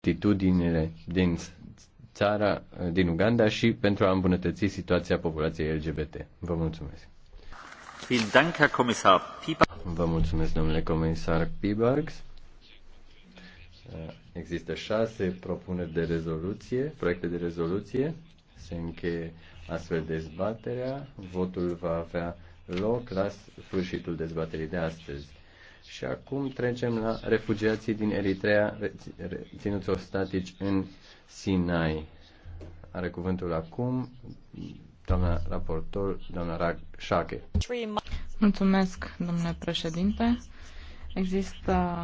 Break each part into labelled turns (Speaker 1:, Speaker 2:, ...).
Speaker 1: atitudinile din țara, din Uganda și pentru a îmbunătăți situația populației LGBT. Vă mulțumesc. Vă mulțumesc, domnule comisar Pibargs. Există șase propuneri de rezoluție, proiecte de rezoluție. Se încheie astfel dezbaterea. Votul va avea loc la sfârșitul dezbaterii de astăzi. Și acum trecem la refugiații din Eritrea ținuți ostatici în Sinai. Are cuvântul acum doamna raportor, doamna Șache.
Speaker 2: Mulțumesc, domnule președinte. Există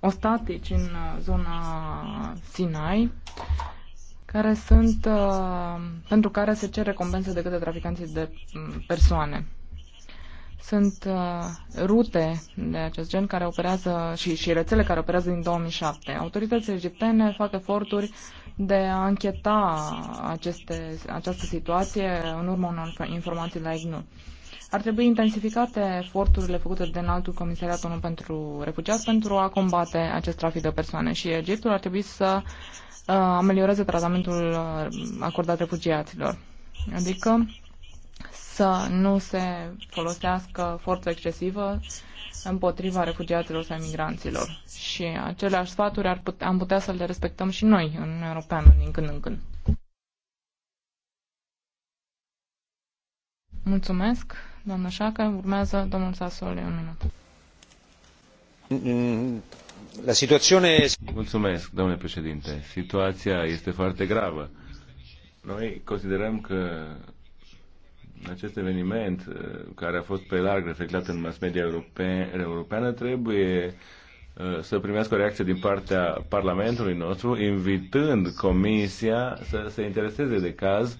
Speaker 2: ostatici în zona Sinai care sunt, uh, pentru care se cere compense de către traficanții de mm, persoane. Sunt uh, rute de acest gen care operează și, și rețele care operează din 2007. Autoritățile egiptene fac eforturi de a încheta aceste, această situație în urma unor informații la IGNU. Ar trebui intensificate eforturile făcute de înaltul comisariat ONU pentru refugiați pentru a combate acest trafic de persoane și Egiptul ar trebui să uh, amelioreze tratamentul uh, acordat refugiaților. Adică să nu se folosească forță excesivă împotriva refugiaților sau migranților. Și aceleași sfaturi ar putea, am putea să le respectăm și noi în Uniunea Europeană din când în când. Mulțumesc, doamnă Șacă. Urmează domnul Sasole, un minut.
Speaker 3: La situație... Mulțumesc, domnule președinte. Situația este foarte gravă. Noi considerăm că acest eveniment uh, care a fost pe larg reflectat în mass media europeană trebuie uh, să primească o reacție din partea Parlamentului nostru, invitând Comisia să se intereseze de caz,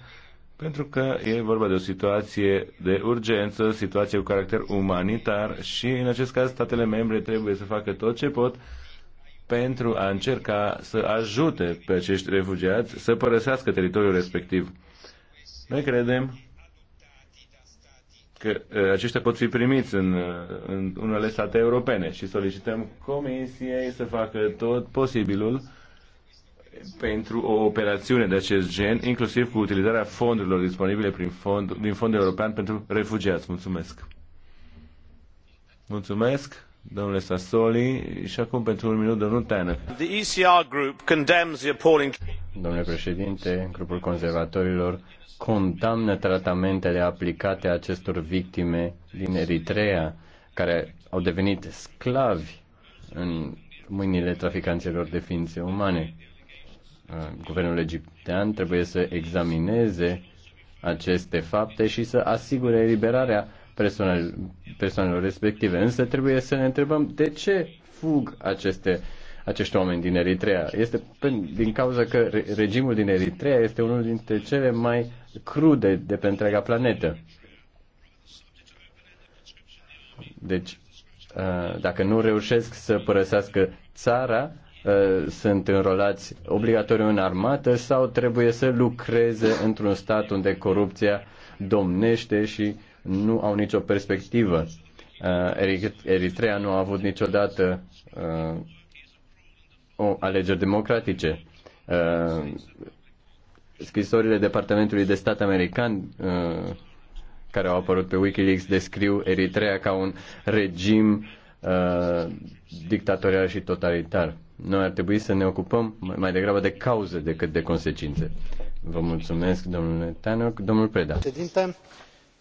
Speaker 3: pentru că e vorba de o situație de urgență, situație cu caracter umanitar și, în acest caz, statele membre trebuie să facă tot ce pot pentru a încerca să ajute pe acești refugiați să părăsească teritoriul respectiv. Noi credem că uh, aceștia pot fi primiți în, uh, în unele state europene și solicităm Comisiei să facă tot posibilul pentru o operațiune de acest gen, inclusiv cu utilizarea fondurilor disponibile prin fond, din Fondul European pentru Refugiați. Mulțumesc! Mulțumesc! domnule Sassoli. Și acum pentru un minut, domnul Tanner. The ECR group condemns the appalling... Domnule președinte, grupul conservatorilor
Speaker 1: condamnă tratamentele aplicate acestor victime din Eritrea, care au devenit sclavi în mâinile traficanților de ființe umane. Uh, guvernul egiptean trebuie să examineze aceste fapte și să asigure eliberarea persoanelor respective. Însă trebuie să ne întrebăm de ce fug aceste, acești oameni din Eritrea. Este din cauza că regimul din Eritrea este unul dintre cele mai crude de pe întreaga planetă. Deci, dacă nu reușesc să părăsească țara, sunt înrolați obligatoriu în armată sau trebuie să lucreze într-un stat unde corupția domnește și nu au nicio perspectivă. Uh, Eritrea nu a avut niciodată uh, o alegeri democratice. Uh, scrisorile Departamentului de Stat American care au apărut pe Wikileaks descriu Eritrea ca un regim dictatorial și totalitar. Noi ar trebui să ne ocupăm mai degrabă de cauze decât de consecințe. Vă mulțumesc, domnule Tanoc. Domnul Preda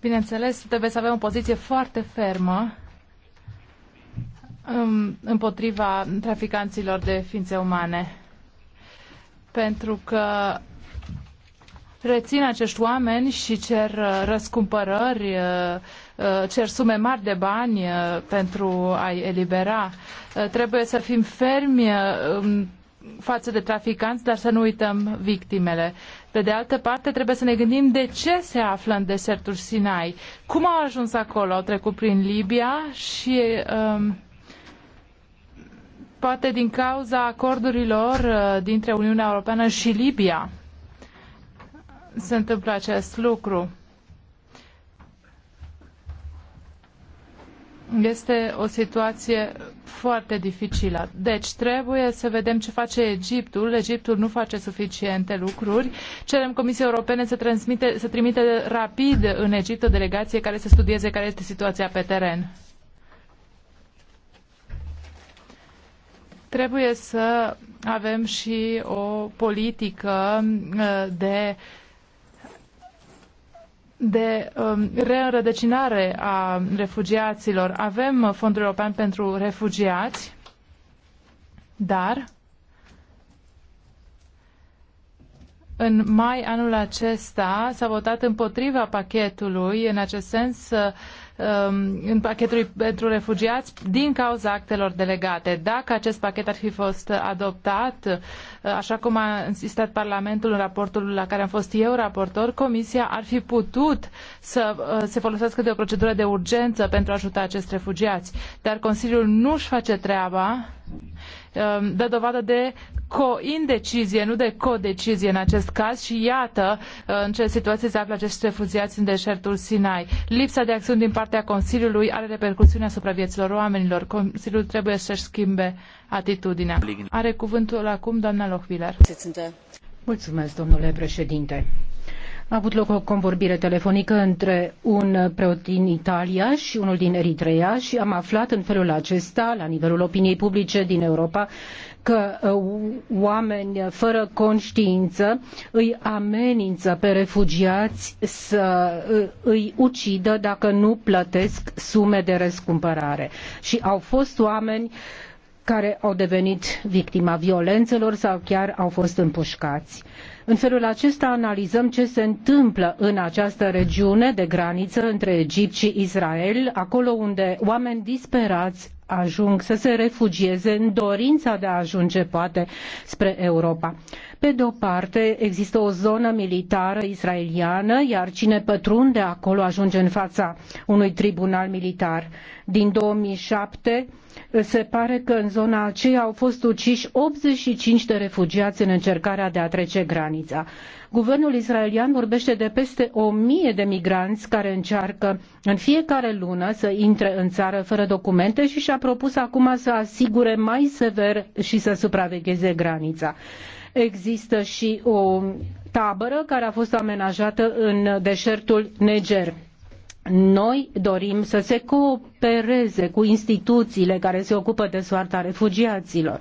Speaker 4: Bineînțeles, trebuie să avem o poziție foarte fermă um, împotriva traficanților de ființe umane. Pentru că rețin acești oameni și cer uh, răscumpărări, uh, uh, cer sume mari de bani pentru a-i elibera. Trebuie să fim fermi um, față de traficanți, dar să nu uităm victimele. Pe de altă parte, trebuie să ne gândim de ce se află în desertul Sinai. Cum au ajuns acolo? Au trecut prin Libia și um, poate din cauza acordurilor uh, dintre Uniunea Europeană și Libia se întâmplă acest lucru. este o situație foarte dificilă. Deci trebuie să vedem ce face Egiptul. Egiptul nu face suficiente lucruri. Cerem Comisiei Europene să, transmite, să trimite rapid în Egipt o delegație care să studieze care este situația pe teren. Trebuie să avem și o politică uh, de uh, de um, reînrădăcinare a refugiaților. Avem Fondul European pentru Refugiați, dar în mai anul acesta s-a votat împotriva pachetului în acest sens uh, Um, în pachetul pentru refugiați din cauza actelor delegate. Dacă acest pachet ar fi fost adoptat, uh, așa cum a insistat Parlamentul în raportul la care am fost eu raportor, Comisia ar fi putut să uh, se folosească de o procedură de urgență pentru a ajuta acești refugiați. Dar Consiliul nu și face treaba Um, dă dovadă de co-indecizie, nu de codecizie în acest caz și iată uh, în ce situație se află acești refugiați în deșertul Sinai. Lipsa de acțiuni din partea Consiliului are repercusiuni asupra vieților oamenilor. Consiliul trebuie să-și schimbe atitudinea.
Speaker 5: Are cuvântul acum doamna Lochwiller. Mulțumesc, domnule președinte. A avut loc o convorbire telefonică între un preot din Italia și unul din Eritrea și am aflat în felul acesta, la nivelul opiniei publice din Europa, că uh, oameni fără conștiință îi amenință pe refugiați să uh, îi ucidă dacă nu plătesc sume de răscumpărare. Și au fost oameni uh, care au devenit victima violențelor sau chiar au fost împușcați. În felul acesta analizăm ce se întâmplă în această regiune de graniță între Egipt și Israel, acolo unde oameni disperați ajung să se refugieze în dorința de a ajunge poate spre Europa. Pe de o parte, există o zonă militară israeliană, iar cine pătrunde acolo ajunge în fața unui tribunal militar. Din 2007, se pare că în zona aceea au fost uciși 85 de refugiați în încercarea de a trece granița. Guvernul israelian vorbește de peste o mie de migranți care încearcă în fiecare lună să intre în țară fără documente și și-a propus acum să asigure mai sever și să supravegheze granița. Există și o tabără care a fost amenajată în deșertul Niger. Noi dorim să se coopereze cu instituțiile care se ocupă de soarta refugiaților.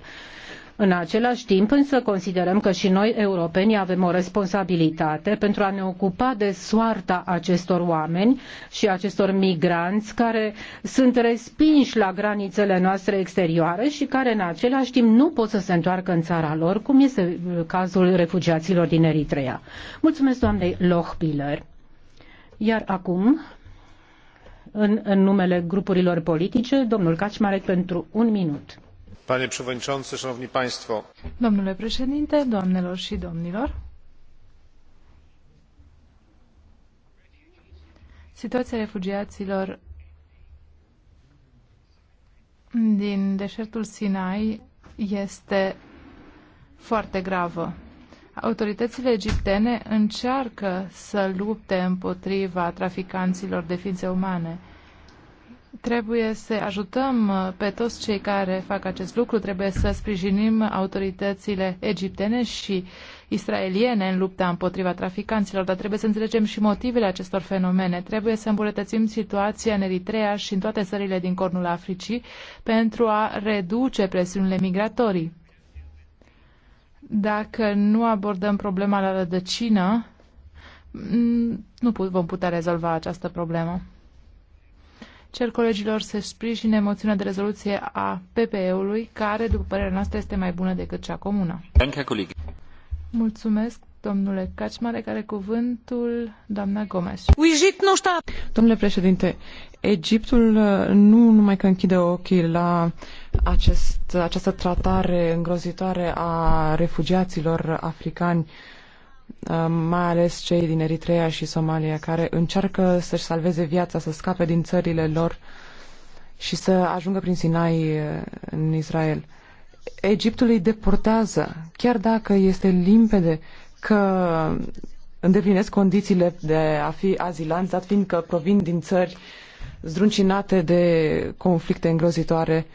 Speaker 5: În același timp însă considerăm că și noi europenii avem o responsabilitate pentru a ne ocupa de soarta acestor oameni și acestor migranți care sunt respinși la granițele noastre exterioare și care în același timp nu pot să se întoarcă în țara lor, cum este cazul refugiaților din Eritrea. Mulțumesc doamnei Lochbiller. Iar acum, în, în numele grupurilor politice, domnul Cacimarec pentru un minut. Domnule președinte, doamnelor și domnilor.
Speaker 4: Situația refugiaților din deșertul Sinai este foarte gravă. Autoritățile egiptene încearcă să lupte împotriva traficanților de ființe umane. Trebuie să ajutăm uh, pe toți cei care fac acest lucru, trebuie să sprijinim autoritățile egiptene și israeliene în lupta împotriva traficanților, dar trebuie să înțelegem și motivele acestor fenomene. Trebuie să îmbunătățim situația în Eritrea și în toate țările din cornul Africii pentru a reduce presiunile migratorii. Dacă nu abordăm problema la rădăcină, mm, nu vom putea rezolva această problemă. Cer colegilor să sprijine moțiunea de rezoluție a PPE-ului, care, după părerea noastră, este mai bună decât cea comună. Mulțumesc, domnule Cacmare, care cuvântul doamna Gomes.
Speaker 6: Domnule președinte, Egiptul uh, nu numai că închide ochii la acest, această tratare îngrozitoare a refugiaților africani, mai ales cei din Eritrea și Somalia, care încearcă să-și salveze viața, să scape din țările lor și să ajungă prin Sinai în Israel. Egiptul îi deportează, chiar dacă este limpede că îndeplinesc condițiile de a fi azilanți, dat fiindcă provin din țări zdruncinate de conflicte îngrozitoare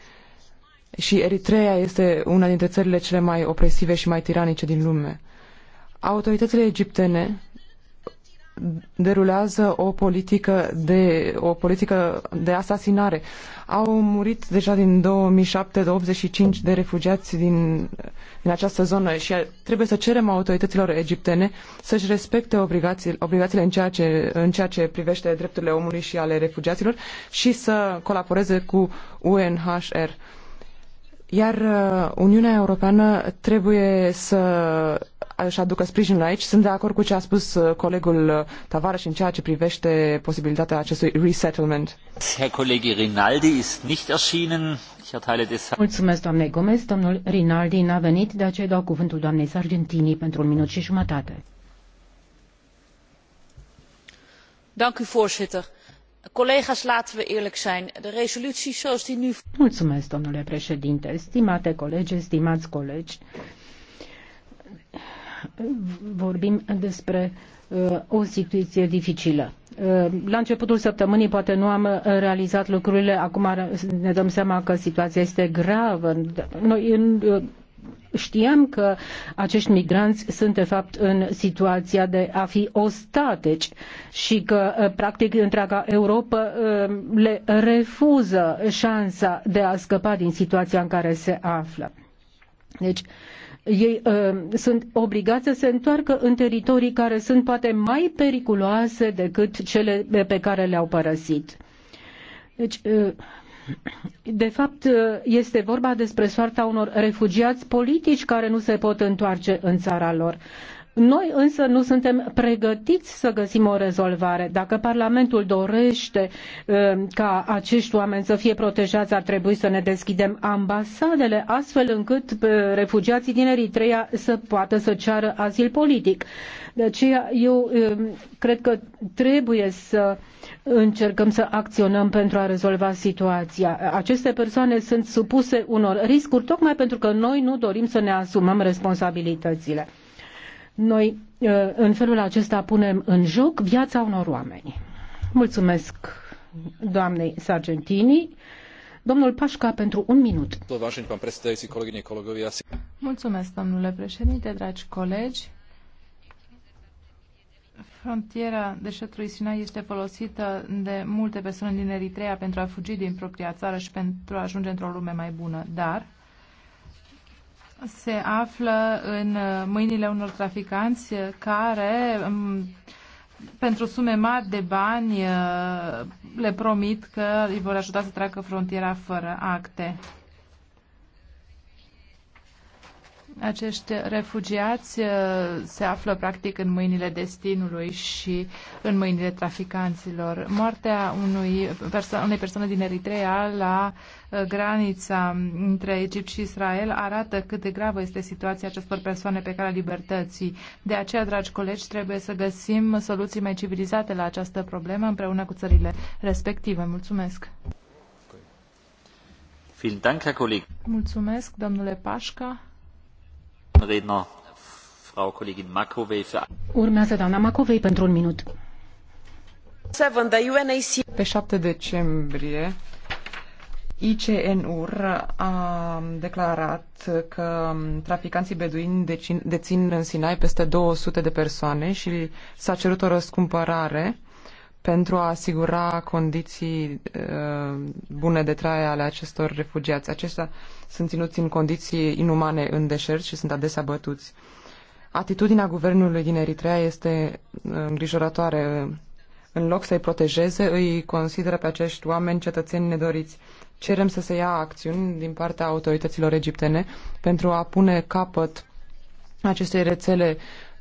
Speaker 6: și Eritrea este una dintre țările cele mai opresive și mai tiranice din lume. Autoritățile egiptene derulează o politică de, o politică de asasinare. Au murit deja din 2007 de 85 de refugiați din, din această zonă și trebuie să cerem autorităților egiptene să-și respecte obligațiile, obligațiile în, ceea ce, în ceea ce privește drepturile omului și ale refugiaților și să colaboreze cu UNHR. Iar uh, Uniunea Europeană trebuie să își aducă sprijinul aici. Sunt de acord cu ce a spus uh, colegul uh, Tavares în ceea ce privește posibilitatea acestui resettlement.
Speaker 7: Herr Rinaldi ist nicht erschienen. Ich erteile deshalb...
Speaker 5: Mulțumesc, doamne Gomez. Domnul Rinaldi n-a venit, de aceea dau cuvântul doamnei Sargentini pentru un minut și jumătate.
Speaker 8: Dank u, voorzitter. Collega's, laten we eerlijk zijn. De resolutie zoals die nu...
Speaker 5: Mulțumesc, domnule președinte. Stimate colegi, stimați colegi vorbim despre uh, o situație dificilă. Uh, la începutul săptămânii poate nu am realizat lucrurile, acum ne dăm seama că situația este gravă. Noi uh, știam că acești migranți sunt de fapt în situația de a fi ostateci și că practic întreaga Europa le refuză șansa de a scăpa din situația în care se află. Deci, ei uh, sunt obligați să se întoarcă în teritorii care sunt poate mai periculoase decât cele pe care le-au părăsit. Deci, uh, de fapt, ă, este vorba despre soarta unor refugiați politici care nu se pot întoarce în țara lor. Noi însă nu suntem pregătiți să găsim o rezolvare. Dacă Parlamentul dorește uh, ca acești oameni să fie protejați, ar trebui să ne deschidem ambasadele, astfel încât uh, refugiații din Eritrea să poată să ceară azil politic. De aceea eu uh, cred că trebuie să încercăm să acționăm pentru a rezolva situația. Aceste persoane sunt supuse unor riscuri tocmai pentru că noi nu dorim să ne asumăm responsabilitățile. Noi uh, în felul acesta punem în joc viața unor oameni. Mulțumesc doamnei Sargentini. Domnul Pașca, pentru un minut. Mulțumesc, domnule președinte, dragi colegi.
Speaker 4: Frontiera deșertului Sinai este folosită de multe persoane din Eritrea pentru a fugi din propria țară și pentru a ajunge într-o lume mai bună, dar se află în uh, mâinile unor traficanți uh, care um, pentru sume mari de bani uh, le promit că îi vor ajuta să treacă frontiera fără acte. Acești refugiați uh, se află practic în mâinile destinului și în mâinile traficanților. Moartea unui perso- unei persoane din Eritrea la uh, granița între Egipt și Israel arată cât de gravă este situația acestor persoane pe calea libertății. De aceea, dragi colegi, trebuie să găsim soluții mai civilizate la această problemă împreună cu țările respective. Mulțumesc! Mulțumesc, domnule
Speaker 5: Pașca. Macovei pentru un minut. Pe 7
Speaker 6: decembrie, ICNUR a declarat că traficanții beduini dețin în Sinai peste 200 de persoane și s-a cerut o răscumpărare pentru a asigura condiții uh, bune de trai ale acestor refugiați. Aceștia sunt ținuți în condiții inumane în deșert și sunt adesea bătuți. Atitudinea guvernului din Eritrea este uh, îngrijorătoare. În loc să-i protejeze, îi consideră pe acești oameni cetățeni nedoriți. Cerem să se ia acțiuni din partea autorităților egiptene pentru a pune capăt acestei rețele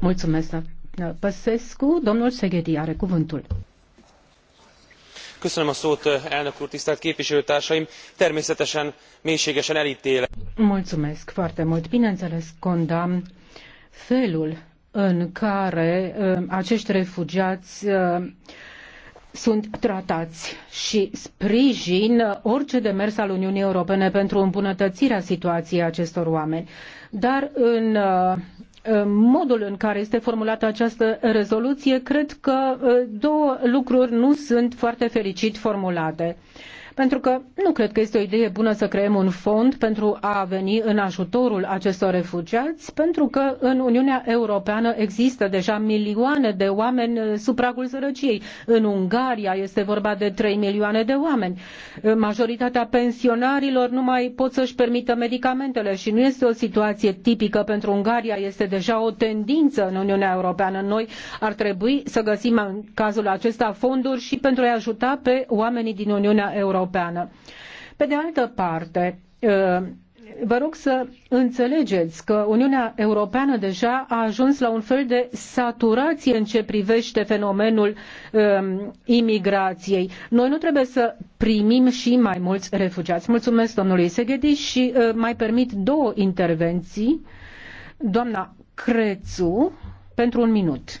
Speaker 5: Mulțumesc, are cuvântul.
Speaker 9: a elnök úr, tisztelt képviselőtársaim! Természetesen mélységesen elítélem.
Speaker 5: Mulțumesc foarte mult. Bineînțeles, condamn felul în care acești refugiați uh, sunt tratați și sprijin orice demers al Uniunii Europene pentru îmbunătățirea situației acestor oameni. Dar în modul în care este formulată această rezoluție, cred că uh, două lucruri nu sunt foarte fericit formulate. Pentru că nu cred că este o idee bună să creăm un fond pentru a veni în ajutorul acestor refugiați, pentru că în Uniunea Europeană există deja milioane de oameni uh, sub pragul sărăciei. În Ungaria este vorba de 3 milioane de oameni. Uh, majoritatea pensionarilor nu mai pot să-și permită medicamentele și nu este o situație tipică pentru Ungaria, este deja o tendință în Uniunea Europeană. Noi ar trebui să găsim în cazul acesta fonduri și pentru a-i ajuta pe oamenii din Uniunea Europeană Europeană. Pe de altă parte, uh, vă rog să înțelegeți că Uniunea Europeană deja a ajuns la un fel de saturație în ce privește fenomenul um, imigrației. Noi nu trebuie să primim și mai mulți refugiați. Mulțumesc domnului Seghedi și uh, mai permit două intervenții. Doamna Crețu, pentru un minut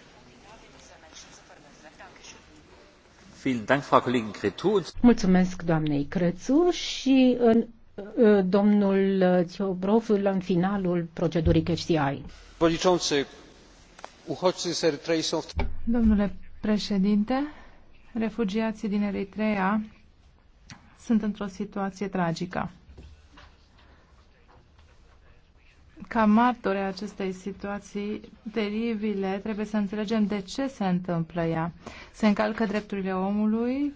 Speaker 5: Mulțumesc doamnei Crețu și în, domnul Ciobrov în finalul procedurii CHCI. Domnule președinte,
Speaker 4: refugiații din Eritrea sunt într-o situație tragică. ca martore a acestei situații teribile, trebuie să înțelegem de ce se întâmplă ea. Se încalcă drepturile omului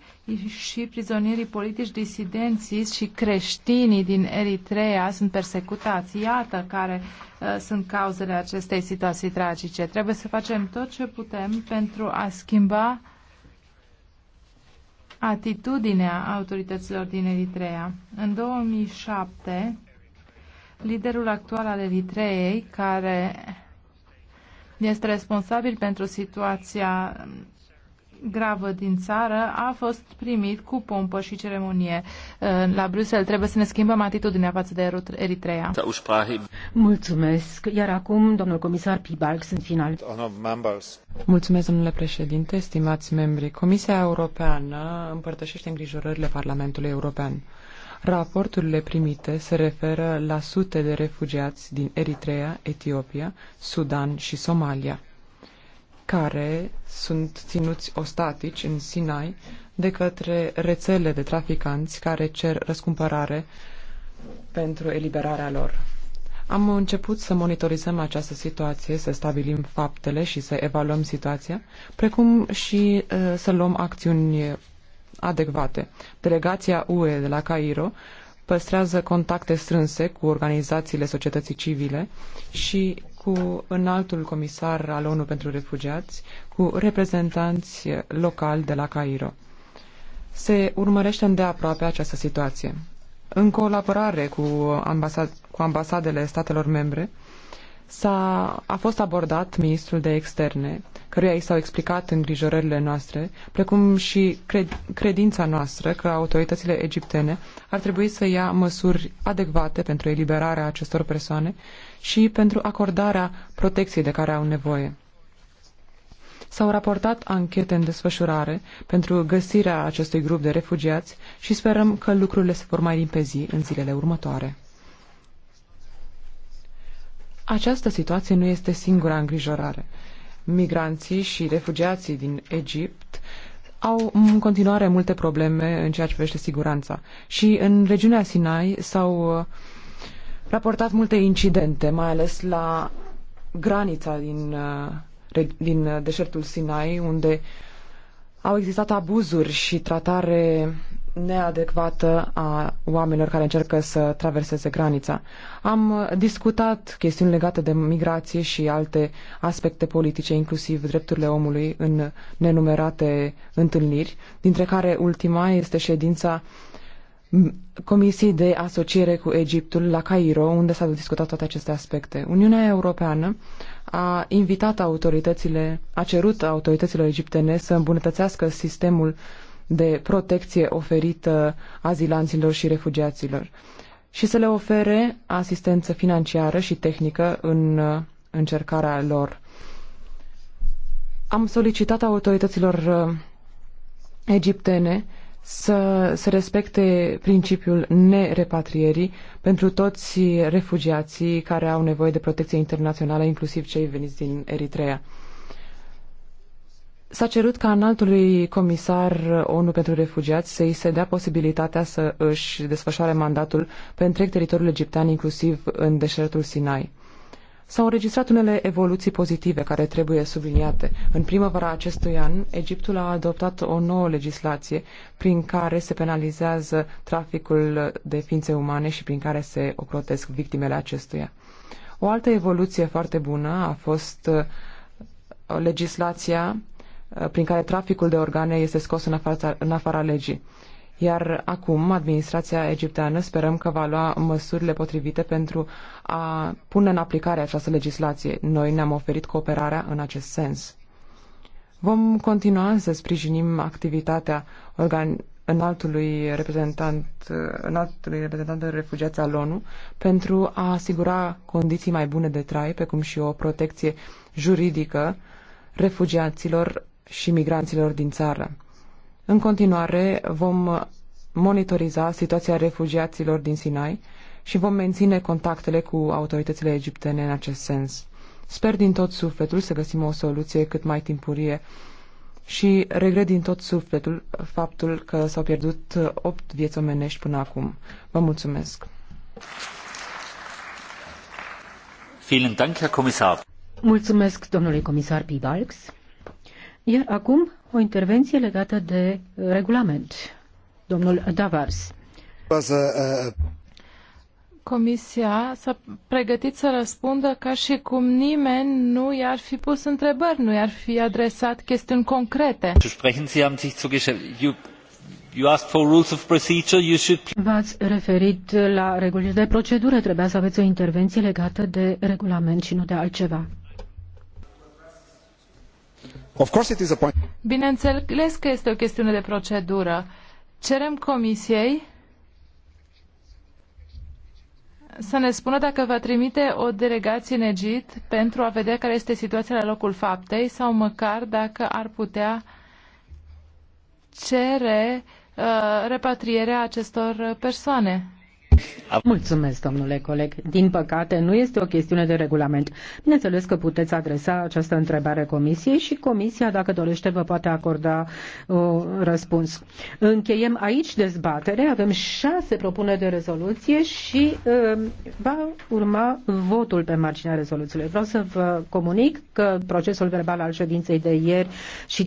Speaker 4: și prizonierii politici disidenții și creștinii din Eritrea sunt persecutați. Iată care uh, sunt cauzele acestei situații tragice. Trebuie să facem tot ce putem pentru a schimba atitudinea autorităților din Eritrea. În 2007, Liderul actual al Eritreei, care este responsabil pentru situația gravă din țară, a fost primit cu pompă și ceremonie uh, la Bruxelles. Trebuie să ne schimbăm atitudinea
Speaker 6: față de Eritrea. Mulțumesc. Iar acum, domnul comisar Pibalx, în final. Mulțumesc, domnule președinte, stimați membri. Comisia Europeană împărtășește îngrijorările Parlamentului European. Raporturile primite se referă la sute de refugiați din Eritrea, Etiopia, Sudan și Somalia, care sunt ținuți ostatici în Sinai de către rețele de traficanți care cer răscumpărare pentru eliberarea lor. Am început să monitorizăm această situație, să stabilim faptele și să evaluăm situația, precum și uh, să luăm acțiuni adecvate. Delegația UE de la Cairo păstrează contacte strânse cu organizațiile societății civile și cu înaltul comisar al ONU pentru refugiați, cu reprezentanți locali de la Cairo. Se urmărește îndeaproape această situație. În colaborare cu, ambasad- cu ambasadele statelor membre, S-a, a fost abordat ministrul de externe, căruia i s-au explicat îngrijorările noastre, precum și cred, credința noastră că autoritățile egiptene ar trebui să ia măsuri adecvate pentru eliberarea acestor persoane și pentru acordarea protecției de care au nevoie. S-au raportat anchete în desfășurare pentru găsirea acestui grup de refugiați și sperăm că lucrurile se vor mai limpezi în zilele următoare. Această situație nu este singura îngrijorare. Migranții și refugiații din Egipt au în continuare multe probleme în ceea ce privește siguranța. Și în regiunea Sinai s-au uh, raportat multe incidente, mai ales la granița din, uh, din uh, deșertul Sinai, unde au existat abuzuri și tratare neadecvată a oamenilor care încercă să traverseze granița. Am discutat chestiuni legate de migrație și alte aspecte politice, inclusiv drepturile omului, în nenumerate întâlniri, dintre care ultima este ședința Comisiei de Asociere cu Egiptul la Cairo, unde s-au discutat toate aceste aspecte. Uniunea Europeană a invitat autoritățile, a cerut autorităților egiptene să îmbunătățească sistemul uh, de protecție oferită azilanților și refugiaților și să le ofere asistență financiară și tehnică în uh, încercarea lor. Am solicitat autorităților uh, egiptene să se respecte principiul nerepatrierii pentru toți refugiații care au nevoie de protecție internațională, inclusiv cei veniți din Eritrea. S-a cerut ca înaltului comisar ONU pentru refugiați să-i se dea posibilitatea să își desfășoare mandatul pe întreg teritoriul egiptean, inclusiv în deșertul Sinai. S-au înregistrat unele evoluții pozitive care trebuie subliniate. În primăvara acestui an, Egiptul a adoptat o nouă legislație prin care se penalizează traficul de ființe umane și prin care se ocrotesc victimele acestuia. O altă evoluție foarte bună a fost uh, legislația Uh, prin care traficul de organe este scos în afara, în afara legii. Iar acum, administrația egipteană sperăm că va lua măsurile potrivite pentru a pune în aplicare această legislație. Noi ne-am oferit cooperarea în acest sens. Vom continua să sprijinim activitatea organ- înaltului reprezentant, uh, înaltului reprezentant de refugiați al ONU pentru a asigura condiții mai bune de trai, precum și o protecție juridică refugiaților și migranților din țară. În continuare, vom monitoriza situația refugiaților din Sinai și vom menține contactele cu autoritățile egiptene în acest sens. Sper din tot sufletul să găsim o soluție cât mai timpurie și regret din tot sufletul faptul că s-au pierdut opt vieți omenești până acum. Vă mulțumesc!
Speaker 5: Mulțumesc domnului comisar Pibalks. Iar acum o intervenție legată de uh, regulament. Domnul Davars.
Speaker 10: Uh,
Speaker 4: Comisia s-a pregătit să răspundă ca și cum nimeni nu i-ar fi pus întrebări, nu i-ar fi adresat chestiuni concrete.
Speaker 5: V-ați referit la regulile de procedură, trebuia să aveți o intervenție legată de regulament și nu de altceva.
Speaker 2: Of
Speaker 4: Bineînțeles că este o chestiune de procedură. Cerem comisiei să ne spună dacă va trimite o delegație în Egipt pentru a vedea care este situația la locul faptei sau măcar dacă ar putea cere uh, repatrierea acestor persoane.
Speaker 5: Mulțumesc, domnule coleg. Din păcate, nu este o chestiune de regulament. Bineînțeles că puteți adresa această întrebare comisiei și comisia, dacă dorește, vă poate acorda o uh, răspuns. Încheiem aici dezbatere. Avem șase propuneri de rezoluție și uh, va urma votul pe marginea rezoluțiilor. Vreau să vă comunic că procesul verbal al ședinței de ieri și